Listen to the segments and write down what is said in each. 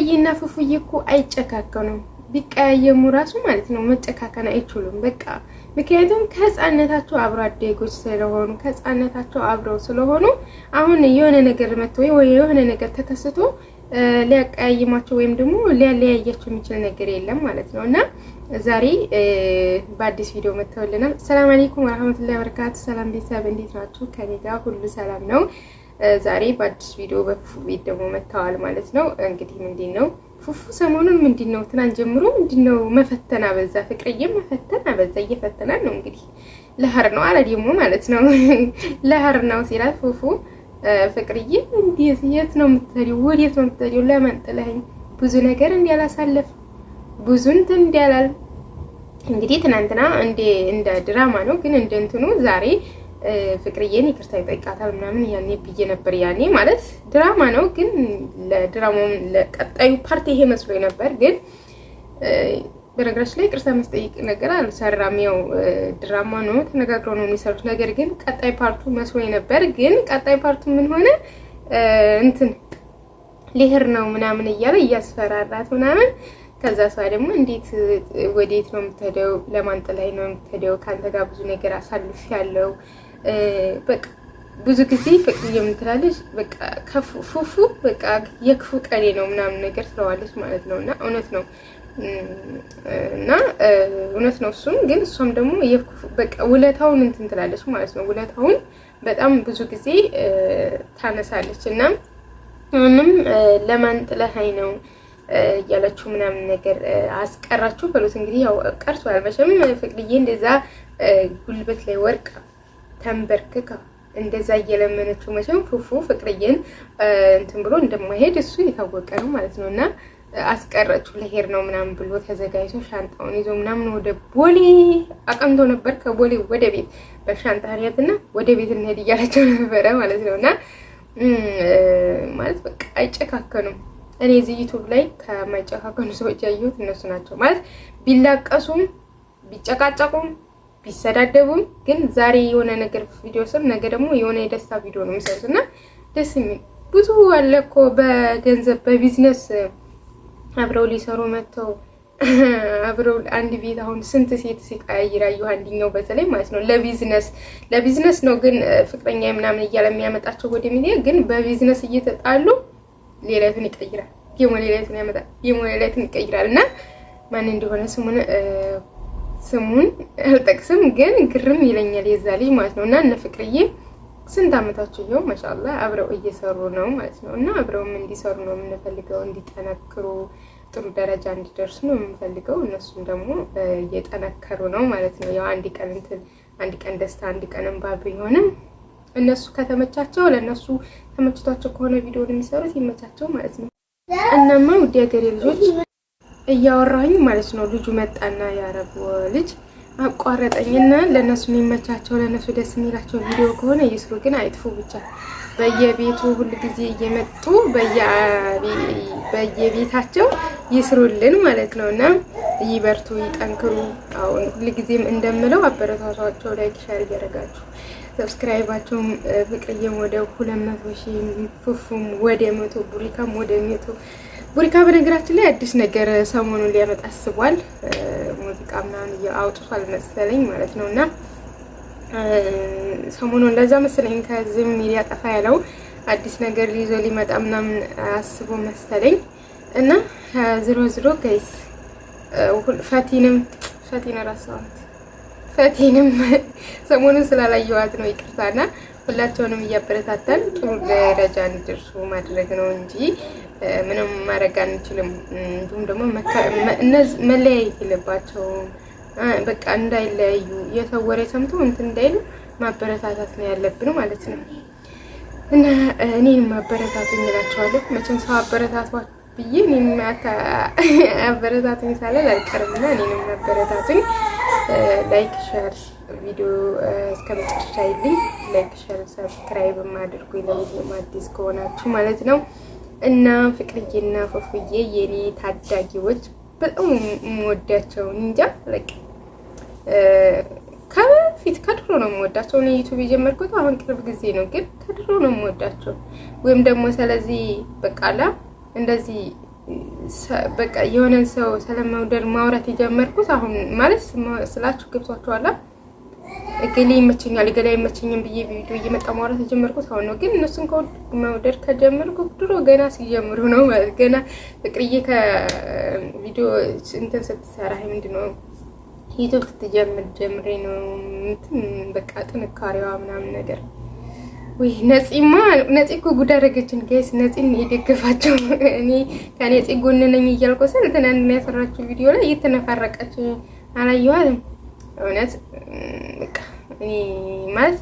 ሀይሚዬና ፉፉዬ እኮ አይጨካከኑም። ቢቀያየሙ ራሱ ማለት ነው መጨካከን አይችሉም። በቃ ምክንያቱም ከህፃነታቸው አብረው አደጎች ስለሆኑ ከህፃነታቸው አብረው ስለሆኑ አሁን የሆነ ነገር መጥቶ ወይ የሆነ ነገር ተከስቶ ሊያቀያይማቸው ወይም ደግሞ ሊያለያያቸው የሚችል ነገር የለም ማለት ነው። እና ዛሬ በአዲስ ቪዲዮ መጥተውልናል። ሰላም አለይኩም ወራህመቱላሂ ወበረካቱ። ሰላም ቤተሰብ እንዴት ናችሁ? ከኔ ጋር ሁሉ ሰላም ነው። ዛሬ በአዲስ ቪዲዮ በፉፉ ቤት ደግሞ መጥተዋል ማለት ነው። እንግዲህ ምንድን ነው ፉፉ ሰሞኑን ምንድን ነው ትናንት ጀምሮ ምንድን ነው መፈተና በዛ ፍቅርዬ መፈተና በዛ እየፈተና ነው እንግዲህ ለሀር ነው አለ ደግሞ ማለት ነው ለሀር ነው ሲላት ፉፉ ፍቅርዬ እንዴት የት ነው የምትሄጂው? ወዴት ነው የምትሄጂው? ለምን ጥለኸኝ? ብዙ ነገር እንዲያላሳለፍ ብዙ እንትን እንዲያላል እንግዲህ ትናንትና እንደ ድራማ ነው ግን እንደንትኑ ዛሬ ፍቅርዬን ይቅርታ ይጠይቃታል ምናምን ያኔ ብዬ ነበር። ያኔ ማለት ድራማ ነው፣ ግን ለድራማው ለቀጣዩ ፓርቲ ይሄ መስሎ ነበር። ግን በነገራችን ላይ ቅርሳ መስጠይቅ ነገር አልሰራም። ያው ድራማ ነው፣ ተነጋግረው ነው የሚሰሩት። ነገር ግን ቀጣይ ፓርቱ መስሎ ነበር። ግን ቀጣይ ፓርቱ ምን ሆነ እንትን ሊሄር ነው ምናምን እያለ እያስፈራራት ምናምን ከዛ ሰዋ ደግሞ እንዴት ወዴት ነው የምትሄደው? ለማን ጥላኝ ነው የምትሄደው? ከአንተ ጋር ብዙ ነገር አሳልፍ ያለው በቃ ብዙ ጊዜ ፍቅርዬ ምን ትላለች? በቃ ፉፉ በቃ የክፉ ቀኔ ነው ምናምን ነገር ትለዋለች ማለት ነው። እና እውነት ነው እና እውነት ነው እሱም ግን እሷም ደግሞ በቃ ውለታውን እንትን ትላለች ማለት ነው። ውለታውን በጣም ብዙ ጊዜ ታነሳለች እና ምንም ለማንጥለሀይ ነው እያላችሁ ምናምን ነገር አስቀራችሁ በሉት እንግዲህ ያው ቀርቷል መቼም ፍቅርዬ እንደዛ ጉልበት ላይ ወርቅ ተንበርክካ እንደዛ እየለመነችው መቼም ፉፉ ፍቅርዬን እንትን ብሎ እንደማይሄድ እሱ የታወቀ ነው ማለት ነው። እና አስቀረችው ለሄድ ነው ምናምን ብሎ ተዘጋጅቶ ሻንጣውን ይዞ ምናምን ወደ ቦሌ አቀምቶ ነበር። ከቦሌ ወደ ቤት በሻንጣ ህሪያትና ወደ ቤት እንሄድ እያለቸው ነበረ ማለት ነው። እና ማለት በቃ አይጨካከኑም። እኔ እዚህ ዩቱብ ላይ ከማይጨካከኑ ሰዎች ያየሁት እነሱ ናቸው ማለት ቢላቀሱም ቢጨቃጨቁም ቢሰዳደቡም ግን ዛሬ የሆነ ነገር ቪዲዮ ስር ነገ ደግሞ የሆነ የደስታ ቪዲዮ ነው የሚሰሩት እና ደስ የሚል ብዙ አለ እኮ በገንዘብ በቢዝነስ አብረው ሊሰሩ መጥተው አብረው አንድ ቤት አሁን ስንት ሴት ሲቀያይር አየሁ። አንድኛው በተለይ ማለት ነው ለቢዝነስ ለቢዝነስ ነው ግን ፍቅረኛ ምናምን እያለ የሚያመጣቸው ወደ ሚዲያ ግን በቢዝነስ እየተጣሉ ሌላቱን ይቀይራል፣ ሌላቱን ያመጣል፣ ሌላቱን ይቀይራል እና ማን እንደሆነ ስሙን ስሙን አልጠቅስም፣ ግን ግርም ይለኛል የዛ ልጅ ማለት ነው። እና እነ ፍቅርዬ ስንት ዓመታቸው ይኸው ማሻላ አብረው እየሰሩ ነው ማለት ነው። እና አብረውም እንዲሰሩ ነው የምንፈልገው፣ እንዲጠነክሩ ጥሩ ደረጃ እንዲደርሱ ነው የምንፈልገው። እነሱም ደግሞ እየጠነከሩ ነው ማለት ነው። ያው አንድ ቀን እንትን አንድ ቀን ደስታ አንድ ቀን እንባ ቢሆንም እነሱ ከተመቻቸው ለእነሱ ተመችቷቸው ከሆነ ቪዲዮን የሚሰሩት ይመቻቸው ማለት ነው። እናማ ውድ ሀገሬ ልጆች እያወራኝ ማለት ነው። ልጁ መጣና ያረብ ልጅ አቋረጠኝና ለእነሱ የሚመቻቸው ለእነሱ ደስ የሚላቸው ቪዲዮ ከሆነ ይስሩ፣ ግን አይጥፉ ብቻ። በየቤቱ ሁል ጊዜ እየመጡ በየቤታቸው ይስሩልን ማለት ነው። እና ይበርቱ፣ ይጠንክሩ። አሁን ጊዜም እንደምለው አበረታቷቸው፣ ላይክ፣ ሼር እያደረጋችሁ ሰብስክራይባቸውም ፍቅርዬም ወደ ሁለት መቶ ሺህ ፉፉም ወደ መቶ ቡሪካም ወደ መቶ ቡሪካ በነገራችን ላይ አዲስ ነገር ሰሞኑን ሊያመጣ አስቧል። ሙዚቃ ምናምን አውጥቷል መሰለኝ ማለት ነው። እና ሰሞኑን ለዛ መሰለኝ ከዚህም ሚዲያ ጠፋ ያለው አዲስ ነገር ሊይዞ ሊመጣ ምናምን አስቦ መሰለኝ። እና ዝሮ ዝሮ ጋይስ ፈቲንም ፈቲን ረሳሁት። ፈቲንም ሰሞኑን ስላላየዋት ነው ይቅርታና ሁላቸውንም እያበረታታን ጥሩ ደረጃ እንዲደርሱ ማድረግ ነው እንጂ ምንም ማድረግ አንችልም። እንዲሁም ደግሞ መለያየት የለባቸውም። በቃ እንዳይለያዩ የሰው ወሬ ሰምቶ እንትን እንዳይሉ ማበረታታት ነው ያለብን ማለት ነው። እና እኔን ማበረታቱ እንላቸዋለሁ። መቼም ሰው አበረታቷት ብዬ እኔን አበረታቱኝ ሳላል አልቀርም እና እኔንም አበረታቱኝ። ላይክ ሸር ቪዲዮ እስከ መጨረሻ ይልኝ ላይክ ሸር ሰብስክራይብ አድርጉኝ ለቪዲዮ አዲስ ከሆናችሁ ማለት ነው። እና ፍቅርዬና ፉፉዬ የኔ ታዳጊዎች በጣም የምወዳቸው እንጃ ከበፊት ከድሮ ነው የምወዳቸው። እኔ ዩቱብ የጀመርኩት አሁን ቅርብ ጊዜ ነው፣ ግን ከድሮ ነው የምወዳቸው። ወይም ደግሞ ስለዚህ በቃላ እንደዚህ በቃ የሆነን ሰው ስለመውደድ ማውራት የጀመርኩት አሁን ማለት ስላችሁ ገብቷችኋላ። እገሌ ይመቸኛል እገሌ አይመቸኝም ብዬ ቪዲዮ እየመጣ ማውራት የጀመርኩት አሁን ነው። ግን እነሱን መውደድ ከጀመርኩ ድሮ ገና ሲጀምሩ ነው። ገና ፍቅርዬ ከቪዲዮ እንትን ስትሰራ ምንድን ነው ዩቱብ ስትጀምር ጀምሬ ነው እንትን በቃ ጥንካሬዋ ምናምን ነገር ወይ ነፂማ ነፂ እኮ ጉድ አደረገችን ጋይስ። ነፂን የደገፋቸው እኔ ከነፂ ጎን ነኝ እያልኩ ስል ትናንትና ያሰራችው ቪዲዮ ላይ እየተነፋረቀች አላየኋትም። እውነት እኔ ማለት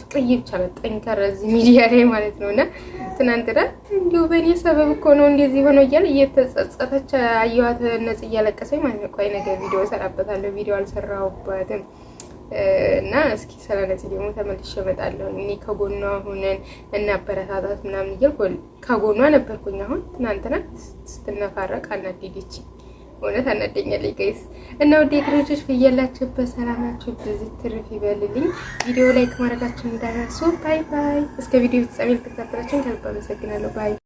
ፍቅርዬ ብቻ መጣኝ ከረዚህ ሚዲያ ላይ ማለት ነው። እና ትናንትና እንዲሁ በእኔ ሰበብ እኮ ነው እንደዚህ ሆኖ እያለ እየተጸጸተች አየኋት። ነጽ እያለቀሰኝ ማለት ነው። ቆይ ነገ ቪዲዮ እሰራበታለሁ። ቪዲዮ አልሰራሁበትም እና እስኪ ስለ ነጽ ደግሞ ተመልሼ እመጣለሁ። እኔ ከጎኗ ሆነን እናበረታታት ምናምን እያልኩ ከጎኗ ነበርኩኝ። አሁን ትናንትና ስትነፋረቅ አናደደችኝ። እውነት አናደኛለኝ ጋይስ እና ወደ ድርጅቶች በያላችሁበት በሰላማችሁ በዚህ ትርፍ ይበልልኝ። ቪዲዮ ላይክ ማድረጋችሁ እንዳትረሱ። ባይ ባይ። እስከ ቪዲዮ ፍጻሜ ልትከታተላችሁን ከልብ አመሰግናለሁ። ባይ